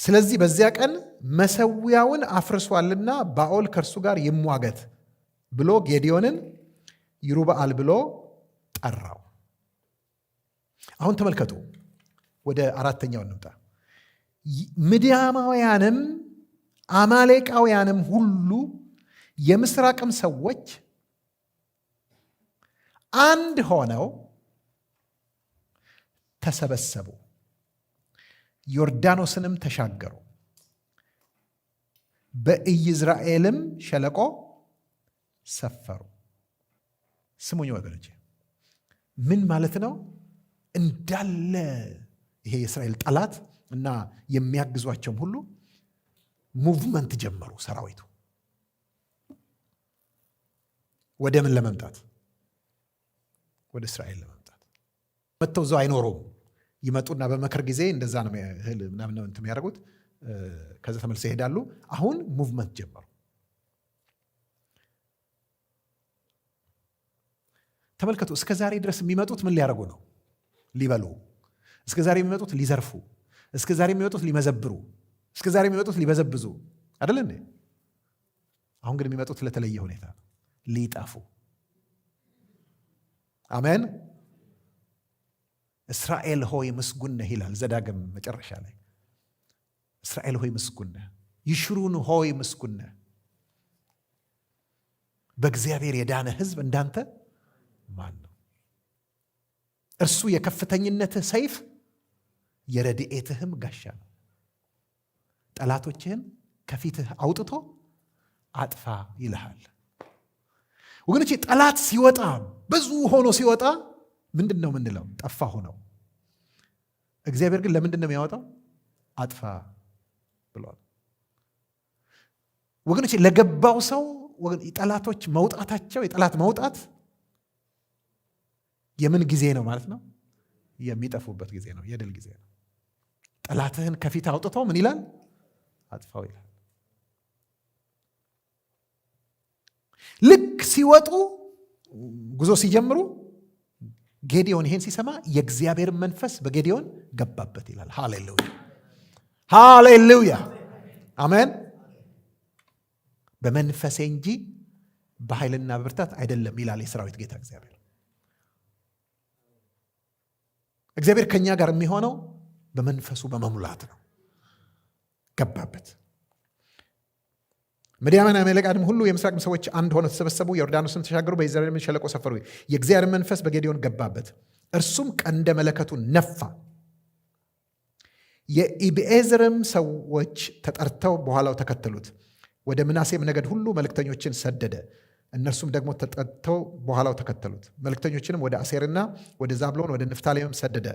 ስለዚህ በዚያ ቀን መሰዊያውን አፍርሷልና ባኦል ከእርሱ ጋር ይሟገት ብሎ ጌዲዮንን ይሩበአል ብሎ ጠራው። አሁን ተመልከቱ፣ ወደ አራተኛው እንምጣ። ምድያማውያንም አማሌቃውያንም ሁሉ የምስራቅም ሰዎች አንድ ሆነው ተሰበሰቡ። ዮርዳኖስንም ተሻገሩ። በኢይዝራኤልም ሸለቆ ሰፈሩ። ስሙኝ ወገኖች፣ ምን ማለት ነው? እንዳለ ይሄ የእስራኤል ጠላት እና የሚያግዟቸውም ሁሉ ሙቭመንት ጀመሩ። ሰራዊቱ ወደ ምን ለመምጣት ወደ እስራኤል ለመምጣት መጥተው እዛው አይኖሩም። ይመጡና በመከር ጊዜ እንደዛ ነው እህል ምናምን እንትን የሚያደርጉት። ከዚ ተመልሰው ይሄዳሉ። አሁን ሙቭመንት ጀመሩ። ተመልከቱ። እስከ ዛሬ ድረስ የሚመጡት ምን ሊያደርጉ ነው? ሊበሉ። እስከ ዛሬ የሚመጡት ሊዘርፉ፣ እስከ ዛሬ የሚመጡት ሊመዘብሩ፣ እስከ ዛሬ የሚመጡት ሊበዘብዙ አይደል አሁን ግን የሚመጡት ለተለየ ሁኔታ ሊጠፉ። አሜን እስራኤል ሆይ ምስጉነህ ይላል ዘዳግም መጨረሻ ላይ። እስራኤል ሆይ ምስጉን ይሽሩን ሆይ ምስጉነ በእግዚአብሔር የዳነ ህዝብ እንዳንተ ማን ነው? እርሱ የከፍተኝነትህ ሰይፍ የረድኤትህም ጋሻ ነው። ጠላቶችህን ከፊትህ አውጥቶ አጥፋ ይልሃል። ወገኖቼ ጠላት ሲወጣ ብዙ ሆኖ ሲወጣ ምንድን ነው የምንለው? ጠፋ ሆነው። እግዚአብሔር ግን ለምንድን ነው የሚያወጣው? አጥፋ ብሏል። ወገኖች ለገባው ሰው ጠላቶች መውጣታቸው የጠላት መውጣት የምን ጊዜ ነው ማለት ነው? የሚጠፉበት ጊዜ ነው፣ የድል ጊዜ ነው። ጠላትህን ከፊት አውጥቶ ምን ይላል? አጥፋው ይላል። ልክ ሲወጡ ጉዞ ሲጀምሩ ጌዲዮን ይሄን ሲሰማ የእግዚአብሔር መንፈስ በጌዲዮን ገባበት ይላል። ሃሌሉያ ሃሌሉያ፣ አሜን። በመንፈሴ እንጂ በኃይልና በብርታት አይደለም ይላል የሰራዊት ጌታ እግዚአብሔር። እግዚአብሔር ከእኛ ጋር የሚሆነው በመንፈሱ በመሙላት ነው። ገባበት። ምድያምን አማሌቃውያንም ሁሉ የምስራቅ ሰዎች አንድ ሆነው ተሰበሰቡ፣ ዮርዳኖስን ተሻገሩ፣ በኢይዝራኤልም ሸለቆ ሰፈሩ። የእግዚአብሔር መንፈስ በጌዴዎን ገባበት፣ እርሱም ቀንደ መለከቱ ነፋ። የኢብኤዝርም ሰዎች ተጠርተው በኋላው ተከተሉት። ወደ ምናሴም ነገድ ሁሉ መልክተኞችን ሰደደ። እነርሱም ደግሞ ተጠርተው በኋላው ተከተሉት። መልክተኞችንም ወደ አሴርና ወደ ዛብሎን ወደ ንፍታሌምም ሰደደ።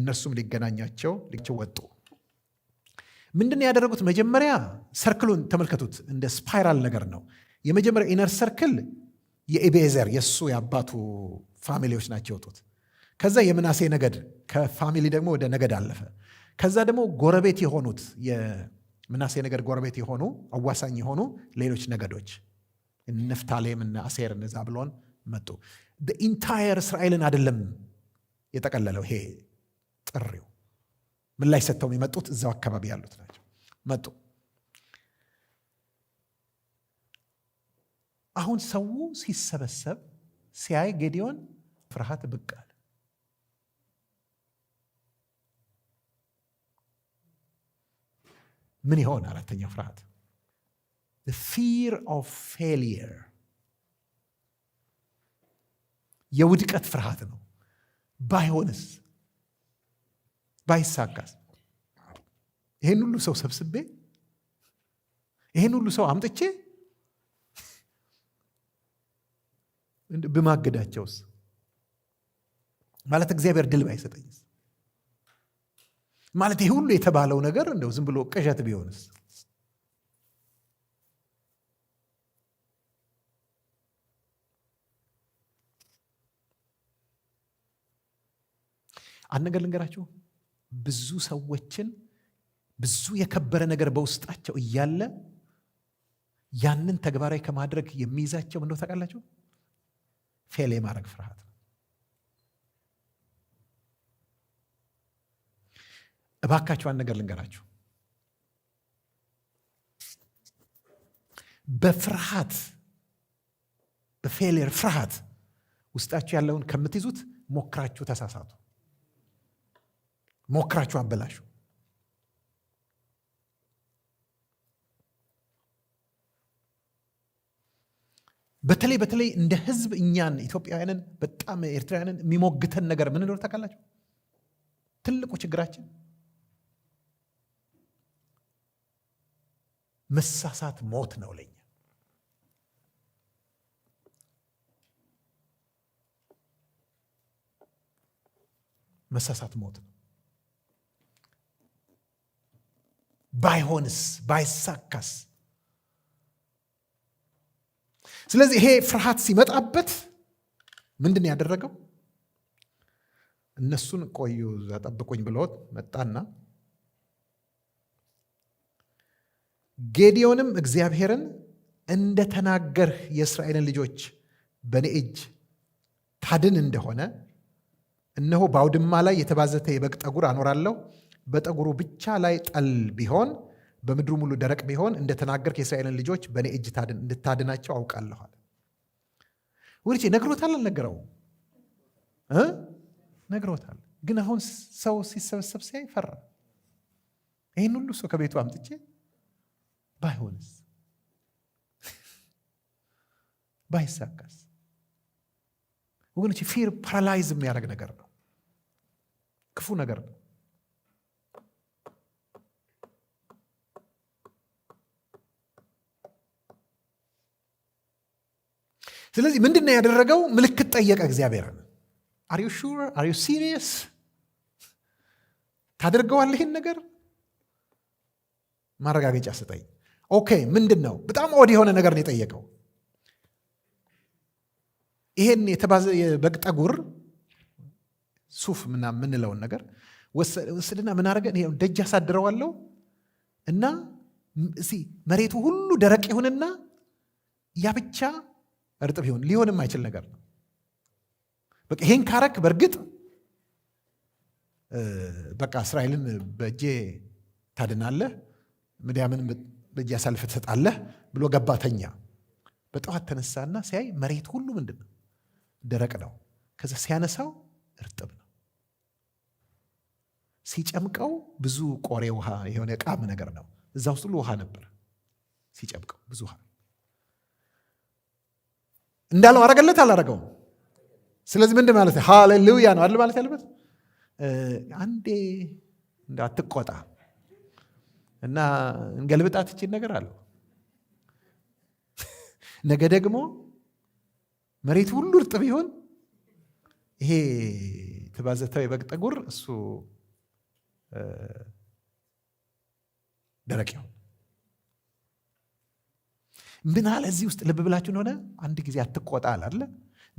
እነርሱም ሊገናኛቸው ወጡ። ምንድን ያደረጉት? መጀመሪያ ሰርክሉን ተመልከቱት። እንደ ስፓይራል ነገር ነው። የመጀመሪያ ኢነር ሰርክል የኢቤዘር የእሱ የአባቱ ፋሚሊዎች ናቸው የወጡት። ከዛ የምናሴ ነገድ ከፋሚሊ ደግሞ ወደ ነገድ አለፈ። ከዛ ደግሞ ጎረቤት የሆኑት የምናሴ ነገድ ጎረቤት የሆኑ አዋሳኝ የሆኑ ሌሎች ነገዶች ነፍታሌም እና አሴር እነ ዛብሎን መጡ። ኢንታየር እስራኤልን አይደለም የጠቀለለው ይሄ ጥሪው ምላሽ ሰጥተው የመጡት እዛው አካባቢ ያሉት ናቸው መጡ። አሁን ሰው ሲሰበሰብ ሲያይ ጌዲዮን ፍርሃት ብቅ አለ። ምን ይሆን? አራተኛው ፍርሃት ፊር ኦፍ ፌሊየር የውድቀት ፍርሃት ነው። ባይሆንስ ባይሳካስ? ይሄን ሁሉ ሰው ሰብስቤ ይሄን ሁሉ ሰው አምጥቼ ብማግዳቸውስ ማለት እግዚአብሔር ድል ባይሰጠኝስ ማለት ይህ ሁሉ የተባለው ነገር እንደው ዝም ብሎ ቅዠት ቢሆንስ አንድ ነገር ልንገራችሁ ብዙ ሰዎችን ብዙ የከበረ ነገር በውስጣቸው እያለ ያንን ተግባራዊ ከማድረግ የሚይዛቸው እንደው ታውቃላቸው ፌል የማድረግ ፍርሃት ነው። እባካችሁ አንድ ነገር ልንገራችሁ። በፍርሃት በፌሌር ፍርሃት ውስጣችሁ ያለውን ከምትይዙት ሞክራችሁ ተሳሳቱ። ሞክራችሁ አበላሹ። በተለይ በተለይ እንደ ህዝብ እኛን ኢትዮጵያውያንን በጣም ኤርትራውያንን የሚሞግተን ነገር ምን እንደሆነ ታውቃላችሁ? ትልቁ ችግራችን መሳሳት ሞት ነው ለኛ። መሳሳት ሞት ነው። ባይሆንስ ባይሳካስ? ስለዚህ ይሄ ፍርሃት ሲመጣበት ምንድን ያደረገው? እነሱን ቆዩ ጠብቁኝ ብሎት መጣና ጌዲዮንም እግዚአብሔርን እንደተናገርህ የእስራኤልን ልጆች በእኔ እጅ ታድን እንደሆነ እነሆ በአውድማ ላይ የተባዘተ የበግ ጠጉር አኖራለሁ በጠጉሩ ብቻ ላይ ጠል ቢሆን በምድሩ ሙሉ ደረቅ ቢሆን እንደተናገርክ የእስራኤልን ልጆች በእኔ እጅ እንድታድናቸው አውቃለኋል። ውርቼ ነግሮታል፣ አልነገረው ነግሮታል። ግን አሁን ሰው ሲሰበሰብ ሲያይ ፈራ። ይህን ሁሉ ሰው ከቤቱ አምጥቼ ባይሆንስ ባይሳካስ? ወገኖች ፊር ፓራላይዝ የሚያደርግ ነገር ነው፣ ክፉ ነገር ነው። ስለዚህ ምንድን ነው ያደረገው? ምልክት ጠየቀ እግዚአብሔርን። አር ዩ ሹር አር ዩ ሲሪየስ ታደርገዋል ይህን ነገር? ማረጋገጫ ስጠኝ። ኦኬ ምንድን ነው? በጣም ኦድ የሆነ ነገር ነው የጠየቀው። ይሄን የበግ ጠጉር ሱፍ ምና የምንለውን ነገር ወስድና ምን ደጅ አሳድረዋለሁ እና መሬቱ ሁሉ ደረቅ ይሁንና ያ ብቻ እርጥብ ይሁን። ሊሆን የማይችል ነገር ነው። በቃ ይሄን ካረክ በእርግጥ በቃ እስራኤልን በእጄ ታድናለህ፣ ምድያምን በእጄ አሳልፈ ትሰጣለህ ብሎ ገባተኛ በጠዋት ተነሳና ሲያይ መሬት ሁሉ ምንድን ነው ደረቅ ነው። ከዛ ሲያነሳው እርጥብ ነው። ሲጨምቀው ብዙ ቆሬ ውሃ የሆነ ቃም ነገር ነው። እዛ ውስጥ ሁሉ ውሃ ነበር። ሲጨምቀው ብዙ ውሃ እንዳለው አረገለት አላረገውም? ስለዚህ ምንድን ማለት ሃሌሉያ ነው አይደል ማለት ያለበት። አንዴ አትቆጣ እና እንገልብጣት ይችን ነገር አለው። ነገ ደግሞ መሬቱ ሁሉ እርጥብ ይሆን ይሄ ተባዘተው የበግ ጠጉር እሱ ደረቅ ይሆን ምን አለ እዚህ ውስጥ ልብ ብላችሁ ሆነ አንድ ጊዜ አትቆጣ አለ።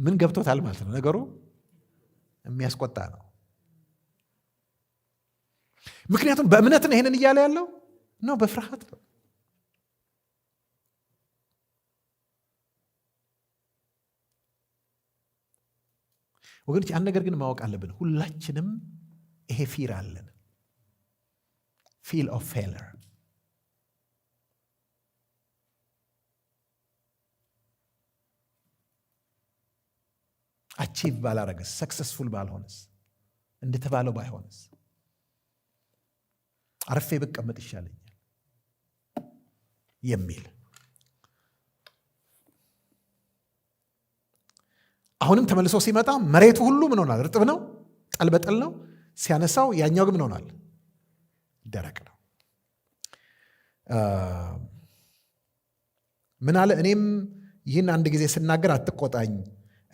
ምን ገብቶታል ማለት ነው። ነገሩ የሚያስቆጣ ነው። ምክንያቱም በእምነት ነው ይሄንን እያለ ያለው ነው፣ በፍርሃት ነው። ወገኖች አንድ ነገር ግን ማወቅ አለብን። ሁላችንም ይሄ ፊር አለን፣ ፊል ኦፍ ፌለር አቺቭ ባላረገስ፣ ሰክሰስፉል ባልሆነስ፣ እንደተባለው ባይሆንስ፣ አርፌ ብቀመጥ ይሻለኛል የሚል አሁንም ተመልሶ ሲመጣ መሬቱ ሁሉ ምን ሆናል? እርጥብ ነው፣ ጠል በጠል ነው። ሲያነሳው ያኛው ግን ምን ሆናል? ደረቅ ነው። ምን አለ? እኔም ይህን አንድ ጊዜ ስናገር አትቆጣኝ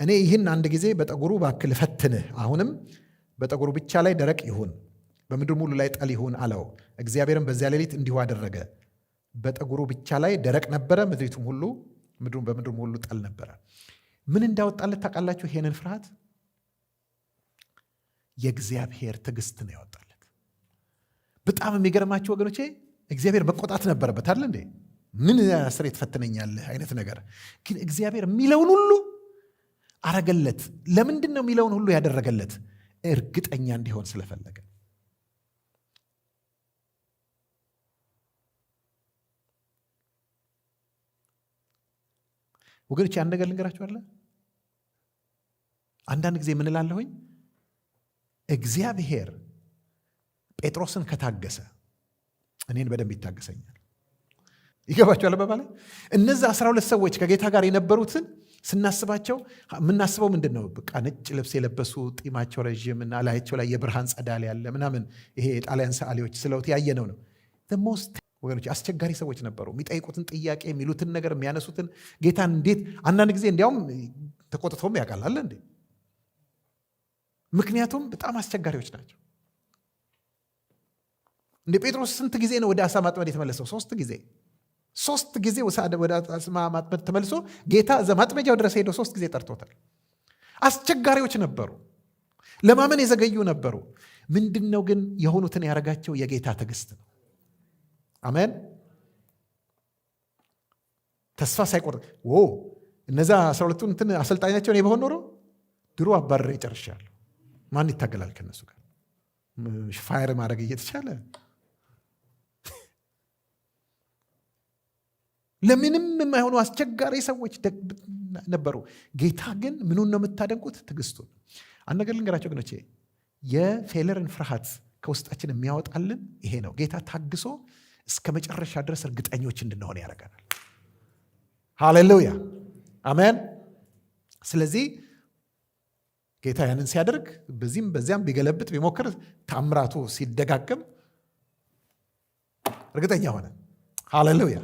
እኔ ይህን አንድ ጊዜ በጠጉሩ ባክል ፈትንህ፣ አሁንም በጠጉሩ ብቻ ላይ ደረቅ ይሁን፣ በምድር ሙሉ ላይ ጠል ይሁን አለው። እግዚአብሔርም በዚያ ሌሊት እንዲሁ አደረገ። በጠጉሩ ብቻ ላይ ደረቅ ነበረ፣ ምድሪቱም ሁሉ በምድሩም ሁሉ ጠል ነበረ። ምን እንዳወጣለት ታውቃላችሁ? ይሄንን ፍርሃት የእግዚአብሔር ትዕግስት ነው ያወጣለት። በጣም የሚገርማችሁ ወገኖቼ እግዚአብሔር መቆጣት ነበረበት አለ እንዴ? ምን አስሬ ትፈትነኛለህ አይነት ነገር ግን እግዚአብሔር የሚለውን ሁሉ አረገለት። ለምንድን ነው የሚለውን ሁሉ ያደረገለት እርግጠኛ እንዲሆን ስለፈለገ። ወገኖች አንድ ነገር ልንገራችሁ አለ። አንዳንድ ጊዜ ምን እላለሁኝ፣ እግዚአብሔር ጴጥሮስን ከታገሰ እኔን በደንብ ይታገሰኛል። ይገባቸዋል። በባለ እነዚ አስራ ሁለት ሰዎች ከጌታ ጋር የነበሩትን ስናስባቸው የምናስበው ምንድን ነው? በቃ ነጭ ልብስ የለበሱ ጢማቸው ረዥም እና ላያቸው ላይ የብርሃን ጸዳል ያለ ምናምን፣ ይሄ የጣሊያን ሰዓሊዎች ስለውት ያየነው ነው። ወገኖች አስቸጋሪ ሰዎች ነበሩ። የሚጠይቁትን ጥያቄ፣ የሚሉትን ነገር፣ የሚያነሱትን ጌታን እንዴት አንዳንድ ጊዜ እንዲያውም ተቆጥቶም ያውቃል አለ እንዴ። ምክንያቱም በጣም አስቸጋሪዎች ናቸው። እንደ ጴጥሮስ ስንት ጊዜ ነው ወደ አሳ ማጥመድ የተመለሰው? ሶስት ጊዜ ሶስት ጊዜ ወደ አጽማ ማጥመድ ተመልሶ ጌታ እዛ ማጥመጃው ድረስ ሄዶ ሶስት ጊዜ ጠርቶታል። አስቸጋሪዎች ነበሩ፣ ለማመን የዘገዩ ነበሩ። ምንድን ነው ግን የሆኑትን ያደረጋቸው የጌታ ትዕግስት ነው። አሜን። ተስፋ ሳይቆርጥ ዎ እነዛ አስራ ሁለቱ እንትን አሰልጣኛቸው እኔ በሆን ኖሮ ድሮ አባረሬ ይጨርሻል። ማን ይታገላል ከነሱ ጋር ፋየር ማድረግ እየተቻለ ለምንም የማይሆኑ አስቸጋሪ ሰዎች ነበሩ። ጌታ ግን ምኑን ነው የምታደንቁት? ትዕግስቱን። አንድ ነገር ልንገራቸው ግኖቼ፣ የፌለርን ፍርሃት ከውስጣችን የሚያወጣልን ይሄ ነው። ጌታ ታግሶ እስከ መጨረሻ ድረስ እርግጠኞች እንድንሆን ያደርገናል። ሃሌሉያ አሜን። ስለዚህ ጌታ ያንን ሲያደርግ በዚህም በዚያም ቢገለብጥ ቢሞክር ታምራቱ ሲደጋገም እርግጠኛ ሆነ። ሃሌሉያ